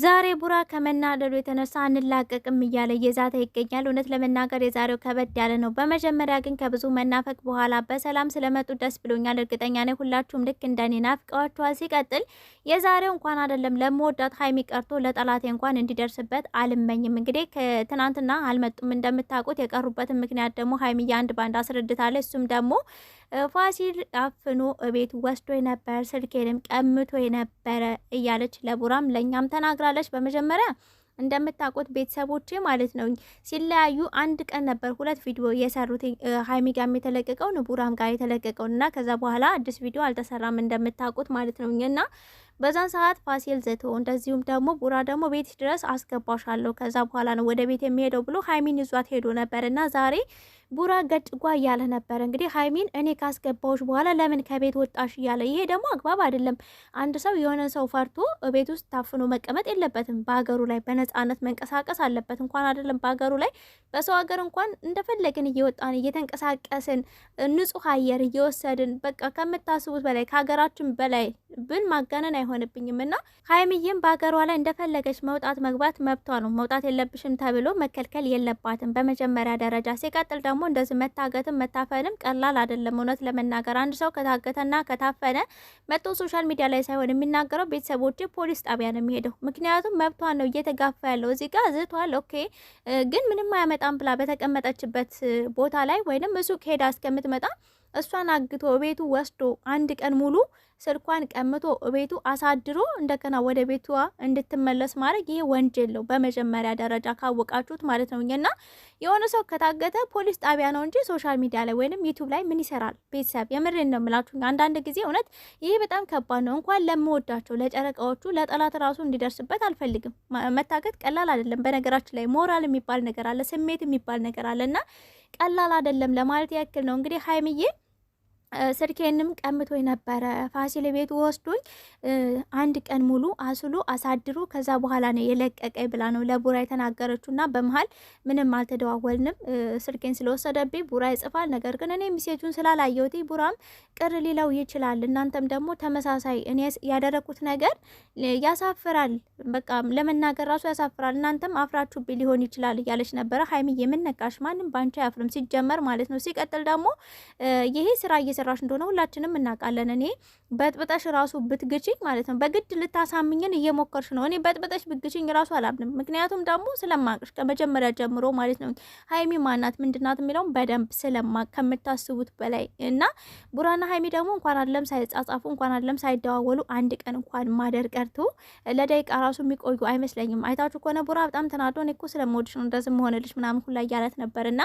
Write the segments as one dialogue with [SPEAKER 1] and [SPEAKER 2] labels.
[SPEAKER 1] ዛሬ ቡራ ከመናደዱ የተነሳ አንላቀቅም እያለ እየዛተ ይገኛል። እውነት ለመናገር የዛሬው ከበድ ያለ ነው። በመጀመሪያ ግን ከብዙ መናፈቅ በኋላ በሰላም ስለመጡ ደስ ብሎኛል። እርግጠኛ ነኝ ሁላችሁም ልክ እንደኔ ናፍቀዋችኋል። ሲቀጥል የዛሬው እንኳን አይደለም ለመወዳት ሀይሚ ቀርቶ ለጠላቴ እንኳን እንዲደርስበት አልመኝም። እንግዲህ ትናንትና አልመጡም እንደምታውቁት። የቀሩበትን ምክንያት ደግሞ ሀይሚዬ አንድ ባንድ አስረድታለች። እሱም ደግሞ ፋሲል አፍኖ እቤት ወስዶ ነበር፣ ስልኬንም ቀምቶ የነበረ እያለች ለቡራም ለእኛም ተናግራለች። በመጀመሪያ እንደምታውቁት ቤተሰቦች ማለት ነው ሲለያዩ አንድ ቀን ነበር ሁለት ቪዲዮ የሰሩት ሀይሚ ጋም የተለቀቀውን ቡራም ጋር የተለቀቀውን እና ከዛ በኋላ አዲስ ቪዲዮ አልተሰራም እንደምታውቁት ማለት ነው እና በዛን ሰዓት ፋሲል ዝቶ እንደዚሁም ደግሞ ቡራ ደግሞ ቤት ድረስ አስገባሻለሁ ከዛ በኋላ ነው ወደ ቤት የሚሄደው ብሎ ሀይሚን ይዟት ሄዶ ነበር እና ዛሬ ቡራ ገጭጓ እያለ ነበር። እንግዲህ ሀይሚን እኔ ካስገባዎች በኋላ ለምን ከቤት ወጣሽ እያለ ይሄ ደግሞ አግባብ አይደለም። አንድ ሰው የሆነ ሰው ፈርቶ ቤት ውስጥ ታፍኖ መቀመጥ የለበትም። በሀገሩ ላይ በነጻነት መንቀሳቀስ አለበት። እንኳን አይደለም በሀገሩ ላይ በሰው ሀገር እንኳን እንደፈለግን እየወጣን እየተንቀሳቀስን ንጹህ አየር እየወሰድን በቃ ከምታስቡት በላይ ከሀገራችን በላይ ብን ማጋነን አይሆንብኝም እና ሀይምዬም በሀገሯ ላይ እንደፈለገች መውጣት መግባት መብቷ ነው። መውጣት የለብሽም ተብሎ መከልከል የለባትም በመጀመሪያ ደረጃ። ሲቀጥል ደግሞ እንደዚህ መታገትም መታፈንም ቀላል አይደለም። እውነት ለመናገር አንድ ሰው ከታገተና ከታፈነ መጥቶ ሶሻል ሚዲያ ላይ ሳይሆን የሚናገረው ቤተሰቦች ፖሊስ ጣቢያ ነው የሚሄደው። ምክንያቱም መብቷ ነው እየተጋፋ ያለው እዚህ ጋር ዝቷል። ኦኬ ግን ምንም አያመጣም ብላ በተቀመጠችበት ቦታ ላይ ወይንም እሱ ከሄዳ እስከምትመጣ እሷን አግቶ ቤቱ ወስዶ አንድ ቀን ሙሉ ስልኳን ቀምቶ ቤቱ አሳድሮ እንደገና ወደ ቤቷ እንድትመለስ ማድረግ ይሄ ወንጀል ነው፣ በመጀመሪያ ደረጃ ካወቃችሁት ማለት ነው። እና የሆነ ሰው ከታገተ ፖሊስ ጣቢያ ነው እንጂ ሶሻል ሚዲያ ላይ ወይንም ዩቱብ ላይ ምን ይሰራል? ቤተሰብ የምሬን ነው የምላችሁ። አንዳንድ ጊዜ እውነት ይሄ በጣም ከባድ ነው። እንኳን ለምወዳቸው ለጨረቃዎቹ፣ ለጠላት ራሱ እንዲደርስበት አልፈልግም። መታገት ቀላል አይደለም። በነገራችን ላይ ሞራል የሚባል ነገር አለ፣ ስሜት የሚባል ነገር አለ እና ቀላል አይደለም ለማለት ያክል ነው እንግዲህ ሀይምዬ ስልኬንም ቀምቶኝ ነበረ። ፋሲል ቤት ወስዶኝ አንድ ቀን ሙሉ አስሎ አሳድሮ ከዛ በኋላ ነው የለቀቀኝ ብላ ነው ለቡራ የተናገረችው። እና በመሀል ምንም አልተደዋወልንም። ስልኬን ስለወሰደብኝ ቡራ ይጽፋል፣ ነገር ግን እኔ ሚሴጁን ስላላየሁት ቡራም ቅር ሊለው ይችላል። እናንተም ደግሞ ተመሳሳይ እኔ ያደረኩት ነገር ያሳፍራል፣ በቃ ለመናገር ራሱ ያሳፍራል። እናንተም አፍራችሁብኝ ሊሆን ይችላል እያለች ነበረ። ሀይሚ የምነቃሽ ማንም ባንቺ አያፍርም ሲጀመር ማለት ነው። ሲቀጥል ደግሞ ይሄ ስራ እየሰራሽ እንደሆነ ሁላችንም እናውቃለን። እኔ በጥብጠሽ ራሱ ብትግችኝ ማለት ነው በግድ ልታሳምኝን እየሞከርሽ ነው። እኔ በጥብጠሽ ብትግችኝ ራሱ አላምንም። ምክንያቱም ደግሞ ስለማቅሽ ከመጀመሪያ ጀምሮ ማለት ነው ሀይሚ ማናት ምንድናት የሚለውን በደንብ ስለማቅ ከምታስቡት በላይ እና ቡራና ሀይሚ ደግሞ እንኳን አለም ሳይጻጻፉ እንኳን አለም ሳይደዋወሉ አንድ ቀን እንኳን ማደር ቀርቶ ለደቂቃ ራሱ የሚቆዩ አይመስለኝም። አይታችሁ ከሆነ ቡራ በጣም ተናዶ እኔ እኮ ስለምወድሽ ነው እንደዚህ መሆንልሽ ምናምን ሁላ እያለት ነበር እና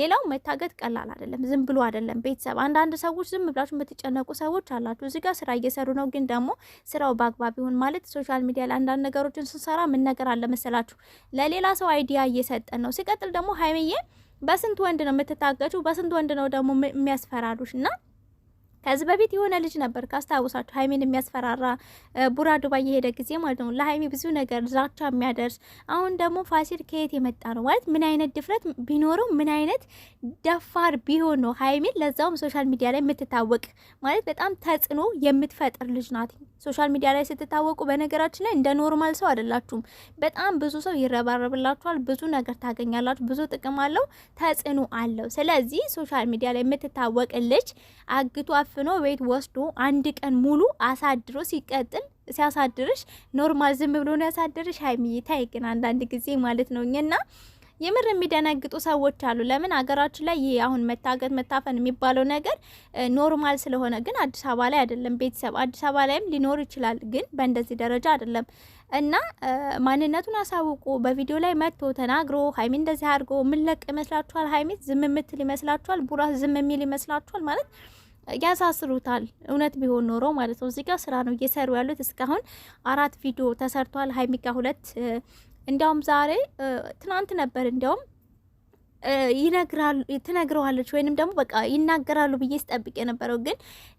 [SPEAKER 1] ሌላው መታገት ቀላል አይደለም፣ ዝም ብሎ አይደለም ቤተሰብ አንዳንድ ሰዎች ዝም ብላችሁ የምትጨነቁ ሰዎች አላችሁ። እዚህ ጋር ስራ እየሰሩ ነው፣ ግን ደግሞ ስራው በአግባብ ይሁን ማለት ሶሻል ሚዲያ ላይ አንዳንድ ነገሮችን ስንሰራ ምን ነገር አለ መሰላችሁ ለሌላ ሰው አይዲያ እየሰጠን ነው። ሲቀጥል ደግሞ ሀይምዬ በስንት ወንድ ነው የምትታገቹ? በስንት ወንድ ነው ደግሞ የሚያስፈራሉሽ? እና ከዚህ በፊት የሆነ ልጅ ነበር ካስታውሳችሁ፣ ሀይሜን የሚያስፈራራ ቡራ ዱባይ የሄደ ጊዜ ማለት ነው። ለሀይሜ ብዙ ነገር ዛቻ የሚያደርስ አሁን ደግሞ ፋሲል ከየት የመጣ ነው ማለት ምን አይነት ድፍረት ቢኖረው ምን አይነት ደፋር ቢሆን ነው ሀይሜን ለዛውም ሶሻል ሚዲያ ላይ የምትታወቅ ማለት በጣም ተጽዕኖ የምትፈጥር ልጅ ናት። ሶሻል ሚዲያ ላይ ስትታወቁ በነገራችን ላይ እንደ ኖርማል ሰው አይደላችሁም። በጣም ብዙ ሰው ይረባረብላችኋል፣ ብዙ ነገር ታገኛላችሁ፣ ብዙ ጥቅም አለው፣ ተጽዕኖ አለው። ስለዚህ ሶሻል ሚዲያ ላይ የምትታወቅ ልጅ አግቶ አፍኖ ቤት ወስዶ አንድ ቀን ሙሉ አሳድሮ ሲቀጥል ሲያሳድርሽ ኖርማል ዝም ብሎ ነው ያሳድርሽ? ሀይሚዬ ተይ ግን አንዳንድ ጊዜ ማለት ነው እኛና የምር የሚደነግጡ ሰዎች አሉ። ለምን አገራችን ላይ ይሄ አሁን መታገት መታፈን የሚባለው ነገር ኖርማል ስለሆነ፣ ግን አዲስ አበባ ላይ አይደለም። ቤተሰብ አዲስ አበባ ላይም ሊኖር ይችላል፣ ግን በእንደዚህ ደረጃ አይደለም። እና ማንነቱን አሳውቁ። በቪዲዮ ላይ መጥቶ ተናግሮ ሀይሚ እንደዚህ አድርጎ ምለቅ ይመስላችኋል? ሀይሚ ዝም የምትል ይመስላችኋል? ቡራ ዝም የሚል ይመስላችኋል? ማለት ያሳስሩታል። እውነት ቢሆን ኖሮ ማለት ነው። እዚህ ጋር ስራ ነው እየሰሩ ያሉት። እስካሁን አራት ቪዲዮ ተሰርቷል። ሀይሚ ጋር ሁለት እንዲያውም ዛሬ ትናንት ነበር እንዲያውም ትነግረዋለች ወይንም ደግሞ በቃ ይናገራሉ ብዬ ስጠብቅ የነበረው ግን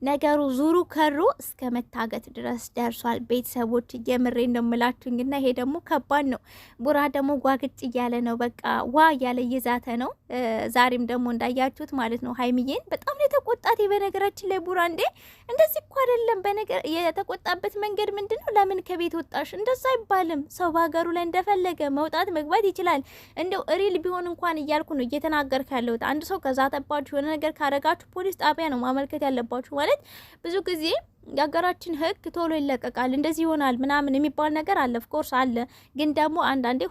[SPEAKER 1] ነገሩ ዙሩ ከሩ እስከ መታገት ድረስ ደርሷል። ቤተሰቦች እየምሬ ምላችሁኝ እና ይሄ ደግሞ ከባድ ነው። ቡራ ደግሞ ጓግጭ እያለ ነው፣ በቃ ዋ እያለ እየዛተ ነው። ዛሬም ደግሞ እንዳያችሁት ማለት ነው ሀይሚዬን በጣም ነው የተቆጣት። በነገራችን ላይ ቡራ እንዴ እንደዚህ እኮ አይደለም። በነገር የተቆጣበት መንገድ ምንድን ነው? ለምን ከቤት ወጣሽ? እንደዛ አይባልም። ሰው በሀገሩ ላይ እንደፈለገ መውጣት መግባት ይችላል። እንደው ሪል ቢሆን እንኳን እያልኩ እያልኩ ነው እየተናገርክ ያለሁት። አንድ ሰው ከዛ ከዛተባችሁ የሆነ ነገር ካረጋችሁ ፖሊስ ጣቢያ ነው ማመልከት ያለባችሁ ማለት ብዙ ጊዜ የሀገራችን ህግ ቶሎ ይለቀቃል፣ እንደዚህ ይሆናል ምናምን የሚባል ነገር አለ። ኦፍኮርስ አለ። ግን ደግሞ አንዳንዴ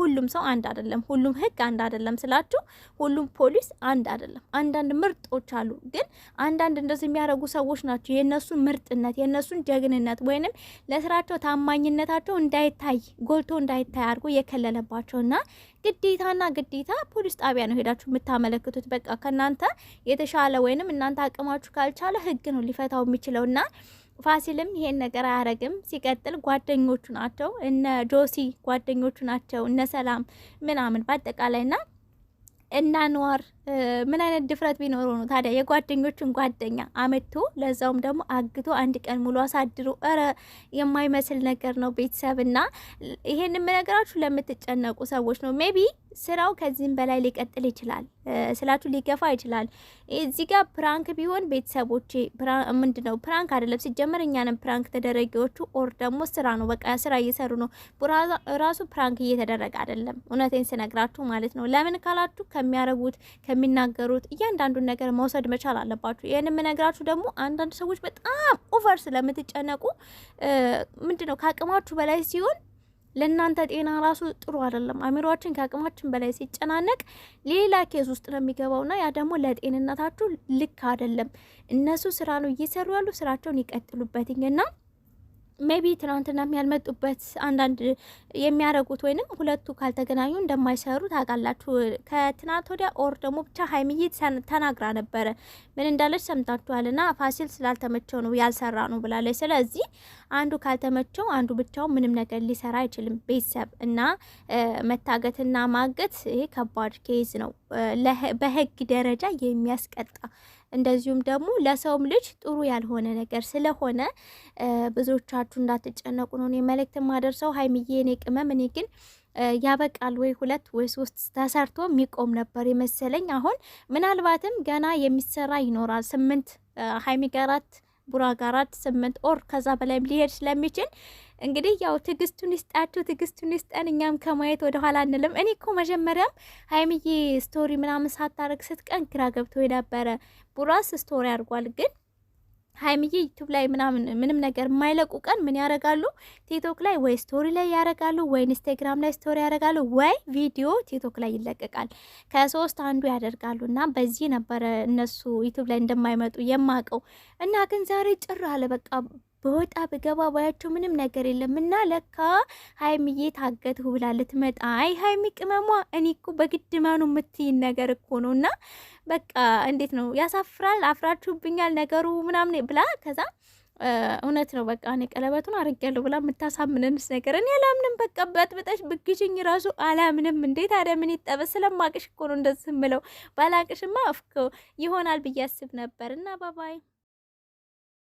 [SPEAKER 1] ሁሉም ሰው አንድ አይደለም፣ ሁሉም ህግ አንድ አይደለም ስላችሁ ሁሉም ፖሊስ አንድ አይደለም። አንዳንድ ምርጦች አሉ። ግን አንዳንድ እንደዚህ የሚያደርጉ ሰዎች ናቸው። የእነሱን ምርጥነት የእነሱን ጀግንነት ወይንም ለስራቸው ታማኝነታቸው እንዳይታይ ጎልቶ እንዳይታይ አድርጎ የከለለባቸውና ግዴታና ግዴታ ፖሊስ ጣቢያ ነው ሄዳችሁ የምታመለክቱት። በቃ ከእናንተ የተሻለ ወይንም እናንተ አቅማችሁ ካልቻለ ህግ ነው ሊፈታው የሚችለው ና። ፋሲልም ይሄን ነገር አያረግም። ሲቀጥል ጓደኞቹ ናቸው እነ ጆሲ ጓደኞቹ ናቸው እነ ሰላም ምናምን በአጠቃላይ ና እና ኗር ምን አይነት ድፍረት ቢኖረው ነው ታዲያ የጓደኞቹን ጓደኛ አመቶ ለዛውም ደግሞ አግቶ አንድ ቀን ሙሉ አሳድሮ? እረ የማይመስል ነገር ነው ቤተሰብ። እና ይሄን የምነግራችሁ ለምትጨነቁ ሰዎች ነው ሜቢ ስራው ከዚህም በላይ ሊቀጥል ይችላል። ስላቱ ሊገፋ ይችላል። እዚህ ጋር ፕራንክ ቢሆን ቤተሰቦቼ ምንድን ነው ፕራንክ አይደለም። ሲጀመር እኛንም ፕራንክ ተደረጊዎቹ ኦር ደግሞ ስራ ነው። በቃ ስራ እየሰሩ ነው። ራሱ ፕራንክ እየተደረገ አይደለም። እውነቴን ስነግራችሁ ማለት ነው። ለምን ካላችሁ ከሚያረጉት ከሚናገሩት እያንዳንዱን ነገር መውሰድ መቻል አለባችሁ። ይህን የምነግራችሁ ደግሞ አንዳንድ ሰዎች በጣም ኦቨር ስለምትጨነቁ ምንድን ነው ከአቅማችሁ በላይ ሲሆን ለእናንተ ጤና ራሱ ጥሩ አይደለም። አእምሯችን ከአቅማችን በላይ ሲጨናነቅ ሌላ ኬዝ ውስጥ ነው የሚገባውና ያ ደግሞ ለጤንነታችሁ ልክ አይደለም። እነሱ ስራ ነው እየሰሩ ያሉ፣ ስራቸውን ይቀጥሉበትኝና ሜቢ ትናንትና የሚያልመጡበት አንዳንድ የሚያደርጉት ወይንም ሁለቱ ካልተገናኙ እንደማይሰሩ ታውቃላችሁ። ከትናንት ወዲያ ኦር ደግሞ ብቻ ሀይሚዬ ተናግራ ነበረ። ምን እንዳለች ሰምታችኋል። ና ፋሲል ስላልተመቸው ነው ያልሰራ ነው ብላለች። ስለዚህ አንዱ ካልተመቸው አንዱ ብቻው ምንም ነገር ሊሰራ አይችልም። ቤተሰብ እና መታገትና ማገት ይሄ ከባድ ኬዝ ነው፣ በህግ ደረጃ የሚያስቀጣ እንደዚሁም ደግሞ ለሰውም ልጅ ጥሩ ያልሆነ ነገር ስለሆነ ብዙዎቻችሁ እንዳትጨነቁ ነው እኔ መልእክት ማደርሰው። ሀይሚዬ እኔ ቅመም እኔ ግን ያበቃል ወይ ሁለት ወይ ሶስት ተሰርቶ የሚቆም ነበር የመሰለኝ። አሁን ምናልባትም ገና የሚሰራ ይኖራል። ስምንት ሀይሚ ጋራት ቡራ ጋር አራት ስምንት ኦር ከዛ በላይም ሊሄድ ስለሚችል እንግዲህ ያው ትግስቱን ይስጣችሁ፣ ትግስቱን ይስጠን። እኛም ከማየት ወደኋላ አንልም። እኔ እኮ መጀመሪያም ሀይምዬ ስቶሪ ምናምን ሳታረግ ስትቀን ግራ ገብቶ ነበረ። ቡራስ ስቶሪ አድርጓል ግን ሀይምዬ ዩቱብ ላይ ምናምን ምንም ነገር የማይለቁ ቀን ምን ያደርጋሉ? ቲክቶክ ላይ ወይ ስቶሪ ላይ ያደርጋሉ፣ ወይ ኢንስታግራም ላይ ስቶሪ ያደርጋሉ፣ ወይ ቪዲዮ ቲክቶክ ላይ ይለቀቃል። ከሶስት አንዱ ያደርጋሉ። እና በዚህ ነበረ እነሱ ዩቱብ ላይ እንደማይመጡ የማቀው እና ግን ዛሬ ጭር አለ በቃ በወጣ በገባ ባያቸው ምንም ነገር የለም። እና ለካ ሀይምዬ ታገትሁ ብላ ልትመጣ አይ ሀይሚ ቅመሟ እኔ እኮ በግድ መኑ የምትይን ነገር እኮ ነው እና በቃ እንዴት ነው ያሳፍራል፣ አፍራችሁብኛል ነገሩ ምናምን ብላ ከዛ እውነት ነው በቃ እኔ ቀለበቱን አድርጌያለሁ ብላ የምታሳምንንስ ነገር እኔ አላምንም። በቃ በጥብጠሽ ብግሽኝ ራሱ አላምንም። እንዴት አደ ምን ይጠበ ስለማቅሽ እኮ ነው እንደዚህ ምለው። ባላቅሽማ እፍኮ ይሆናል ብዬ አስብ ነበር እና ባባይ